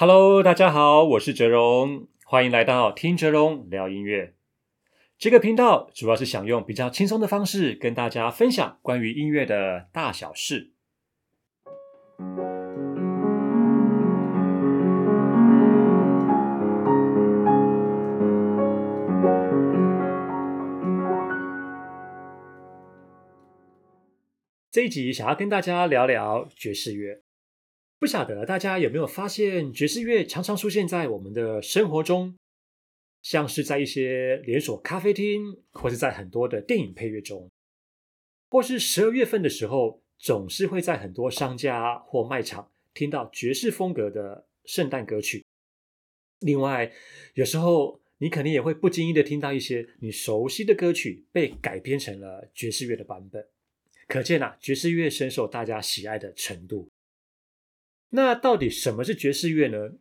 Hello，大家好，我是哲榕，歡迎來到聽哲榕聊音樂。這個頻道主要是想用比較輕鬆的方式跟大家分享關於音樂的大小事。這一集想要跟大家聊聊爵士樂。不曉得大家有沒有發現，爵士樂常常出現在我們的生活中，像是在一些連鎖咖啡廳，或是在很多的電影配樂中，或是十二月份的時候，總是會在很多商家或賣場聽到爵士風格的聖誕歌曲。另外，有時候你可能也會不經意的聽到一些你熟悉的歌曲被改編成了爵士樂的版本。可見啊，爵士樂深受大家喜愛的程度。那到底什麼是爵士樂呢？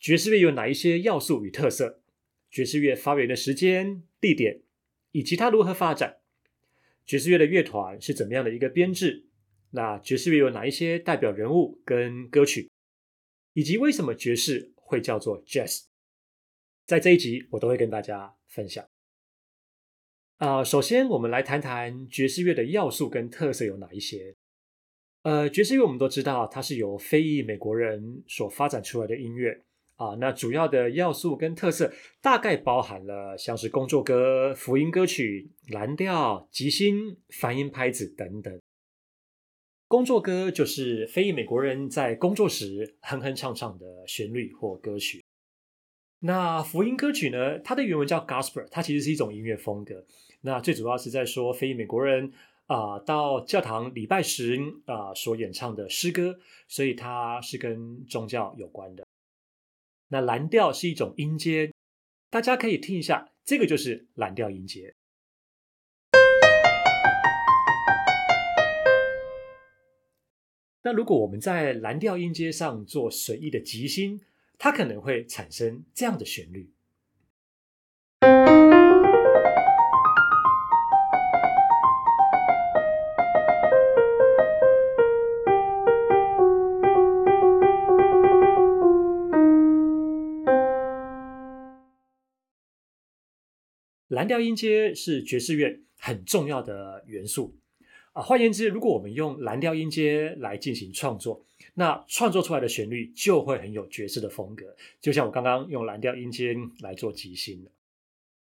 爵士樂有哪一些要素與特色？爵士樂發源的時間、地點以及它如何發展？爵士樂的樂團是怎麼樣的一個編制？那爵士樂有哪一些代表人物跟歌曲？以及為什麼爵士會叫做 Jazz？在這一集我都會跟大家分享。啊、呃，首先我們來談談爵士樂的要素跟特色有哪一些。呃，爵士樂我們都知道，它是由非裔美國人所發展出來的音樂啊。那主要的要素跟特色，大概包含了像是工作歌、福音歌曲、藍調、即興、繁音拍子等等。工作歌就是非裔美國人在工作時哼哼唱唱的旋律或歌曲。那福音歌曲呢？它的原文叫 Gospel，它其實是一種音樂風格。那最主要是在說非裔美國人。啊、呃，到教堂禮拜時啊、呃、所演唱的詩歌，所以它是跟宗教有關的。那藍調是一種音階，大家可以聽一下，這個就是藍調音階。那如果我們在藍調音階上做隨意的即興，它可能會產生這樣的旋律。藍調音階是爵士樂很重要的元素啊。呃、換言之，如果我們用藍調音階來進行創作，那創作出來的旋律就會很有爵士的風格。就像我剛剛用藍調音階來做即興，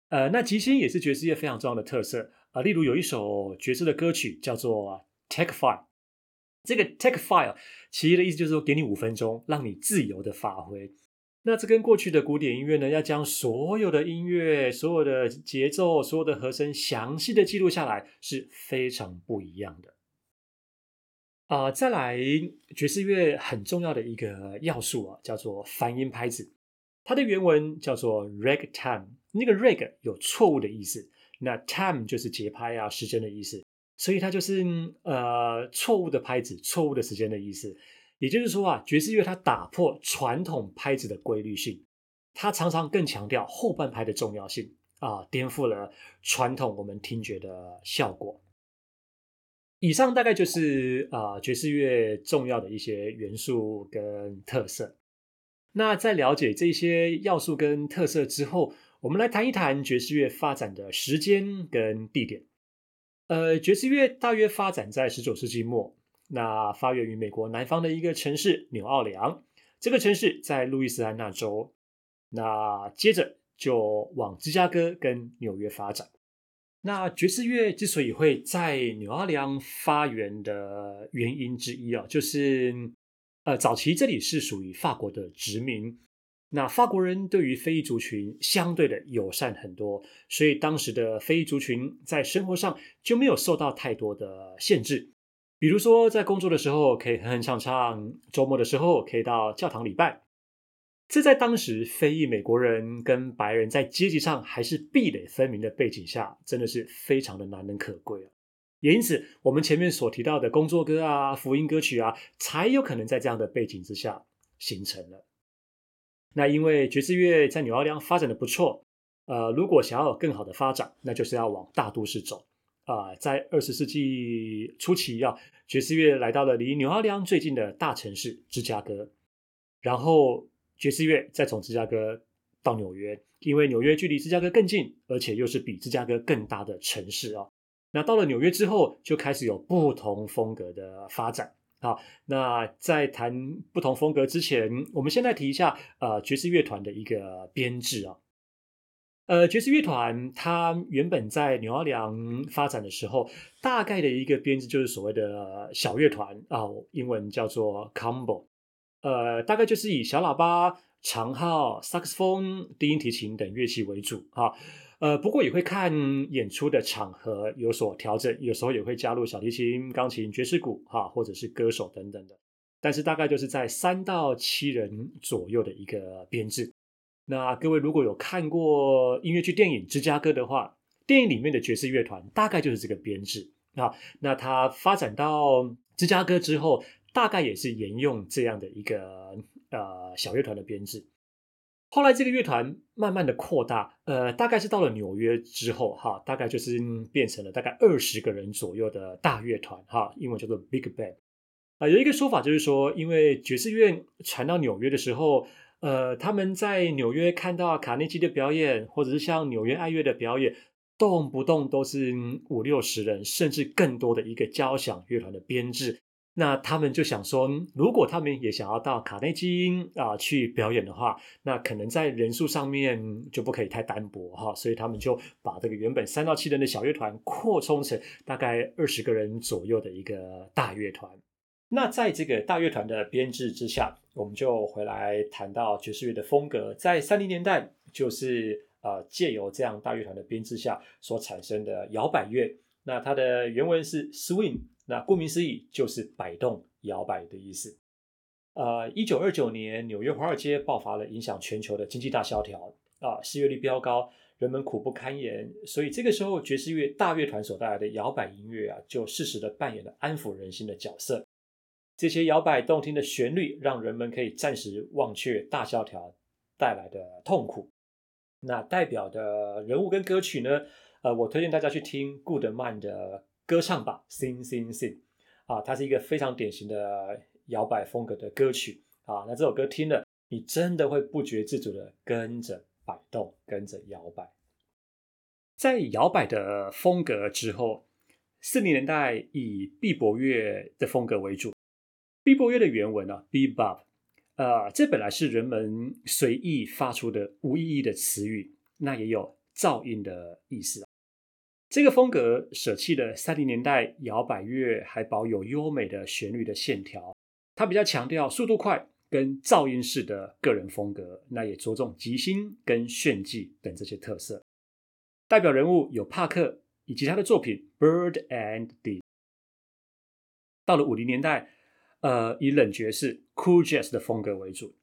呃，那即興也是爵士樂非常重要的特色啊、呃。例如有一首爵士的歌曲叫做《Take Five》，這個《Take Five》其實的意思就是說，給你五分鐘，讓你自由的發揮。那這跟過去的古典音樂呢，要將所有的音樂、所有的節奏、所有的和聲詳細的記錄下來是非常不一樣的。啊、呃，再來爵士樂很重要的一個要素啊，叫做“泛音拍子”，它的原文叫做 “ragtime”。Time, 那個 “rag” 有錯誤的意思，那 “time” 就是節拍啊、時間的意思，所以它就是呃錯誤的拍子、錯誤的時間的意思。也就是說啊，爵士樂它打破傳統拍子的規律性，它常常更強調後半拍的重要性啊，呃，顛覆了傳統我們聽覺的效果。以上大概就是啊，呃，爵士樂重要的一些元素跟特色。那在了解這些要素跟特色之後，我們來談一談爵士樂發展的時間跟地點。呃，爵士樂大約發展在十九世紀末。那發源於美國南方的一個城市紐奧良，這個城市在路易斯安那州。那接着就往芝加哥跟紐約發展。那爵士樂之所以會在紐奧良發源的原因之一啊，就是呃，早期這裡是屬於法國的殖民。那法國人對於非裔族群相對的友善很多，所以當時的非裔族群在生活上就沒有受到太多的限制。比如說，在工作的時候可以哼哼唱唱，周末的時候可以到教堂禮拜。這在當時非裔美國人跟白人在階級上還是壁壘分明的背景下，真的是非常的難能可貴啊。也因此，我們前面所提到的工作歌啊、福音歌曲啊，才有可能在這樣的背景之下形成了。那因為爵士樂在紐奧良發展得不錯，呃，如果想要有更好的發展，那就是要往大都市走。啊、呃，在二十世紀初期啊，爵士樂來到了離紐奧良最近的大城市芝加哥，然後爵士樂再從芝加哥到紐約，因為紐約距離芝加哥更近，而且又是比芝加哥更大的城市啊。那到了紐約之後，就開始有不同風格的發展啊。那在談不同風格之前，我們現在提一下啊、呃、爵士樂團的一個編制啊。呃，爵士樂團它原本在紐奧良發展的時候，大概的一個編制就是所謂的小樂團啊，英文叫做 combo，呃，大概就是以小喇叭、長號、薩克斯風、低音提琴等樂器為主哈、啊。呃，不過也會看演出的場合有所調整，有時候也會加入小提琴、鋼琴、爵士鼓哈、啊，或者是歌手等等的，但是大概就是在三到七人左右的一個編制。那各位如果有看過音樂劇電影《芝加哥》的話，電影裡面的爵士樂團大概就是這個編制啊。那它發展到芝加哥之後，大概也是沿用這樣的一個呃小樂團的編制。後來這個樂團慢慢的擴大，呃，大概是到了紐約之後，哈，大概就是變成了大概二十個人左右的大樂團，哈，英文叫做 Big Band 啊，呃，有一個說法就是說，因為爵士樂傳到紐約的時候，呃，他們在紐約看到卡內基的表演，或者是像紐約愛樂的表演，動不動都是五六十人，甚至更多的一個交響樂團的編制。那他們就想說，如果他們也想要到卡內基啊，呃，去表演的話，那可能在人數上面就不可以太單薄哈。所以他們就把這個原本三到七人的小樂團擴充成大概二十個人左右的一個大樂團。那在這個大樂團的編製之下，我們就回來談到爵士樂的風格。在三零年代，就是呃借由這樣大樂團的編製下所產生的搖擺樂。那它的原文是 swing，那顧名思義就是擺動、搖擺的意思。呃，一九二九年，紐約華爾街爆發了影響全球的經濟大蕭條啊，呃，失業率飆高，人們苦不堪言。所以這個時候，爵士樂大樂團所帶來的搖擺音樂啊，就適時地扮演了安撫人心的角色。這些搖擺動聽的旋律，讓人們可以暫時忘卻大蕭條帶來的痛苦。那代表的人物跟歌曲呢？呃，我推薦大家去聽顧德曼的歌唱吧，《Sing, Sing, Sing》啊，它是一個非常典型的搖擺風格的歌曲啊。那這首歌聽了，你真的會不覺自主的跟着擺動，跟着搖擺。在搖擺的風格之後，四零年代以畢博樂的風格為主。比波樂的原文啊，Bebop，呃，這本來是人們隨意發出的無意義的詞語，那也有噪音的意思。這個風格舍棄了30年代搖擺樂，還保有優美的旋律的線條。它比較強調速度快跟噪音式的個人風格，那也着重即興跟炫技等這些特色。代表人物有帕克以及他的作品《Bird and Deep》。到了50年代。呃，以冷爵士 （Cool Jazz） 的風格為主。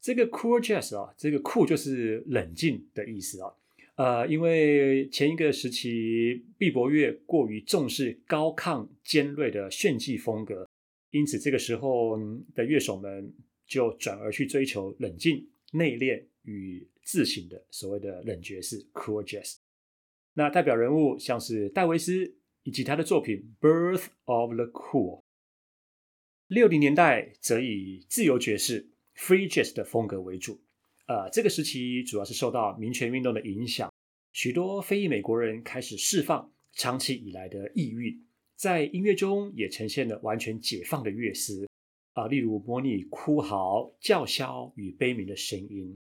這個 Cool Jazz 啊，這個酷就是冷靜的意思啊。呃，因為前一個時期，Bebop 樂過於重視高亢尖銳的炫技風格，因此這個時候的樂手們就轉而去追求冷靜、內斂與自省的所謂的冷爵士 （Cool Jazz）。那代表人物像是戴維斯，以及他的作品《Birth of the Cool》。六零年代則以自由爵士 （Free Jazz） 的風格為主，呃，這個時期主要是受到民權運動的影響，許多非裔美國人開始釋放長期以來的抑鬱，在音樂中也呈現了完全解放的樂思，啊、呃，例如模擬哭嚎、叫囂與悲鳴的聲音。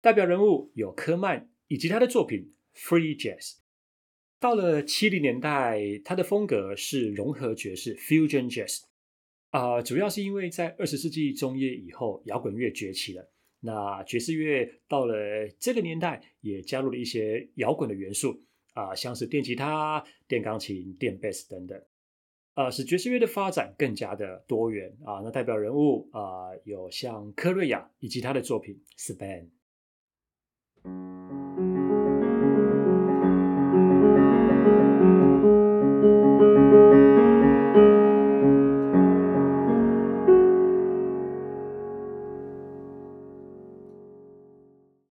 代表人物有科曼以及他的作品《Free Jazz》。到了七零年代，他的風格是融合爵士 （Fusion Jazz）。啊、呃，主要是因為在二十世紀中葉以後，搖滾樂崛起了。那爵士樂到了這個年代，也加入了一些搖滾的元素啊、呃，像是電吉他、電鋼琴、電貝斯等等，呃，使爵士樂的發展更加的多元啊、呃。那代表人物啊、呃，有像科瑞亞以及他的作品《Spain》。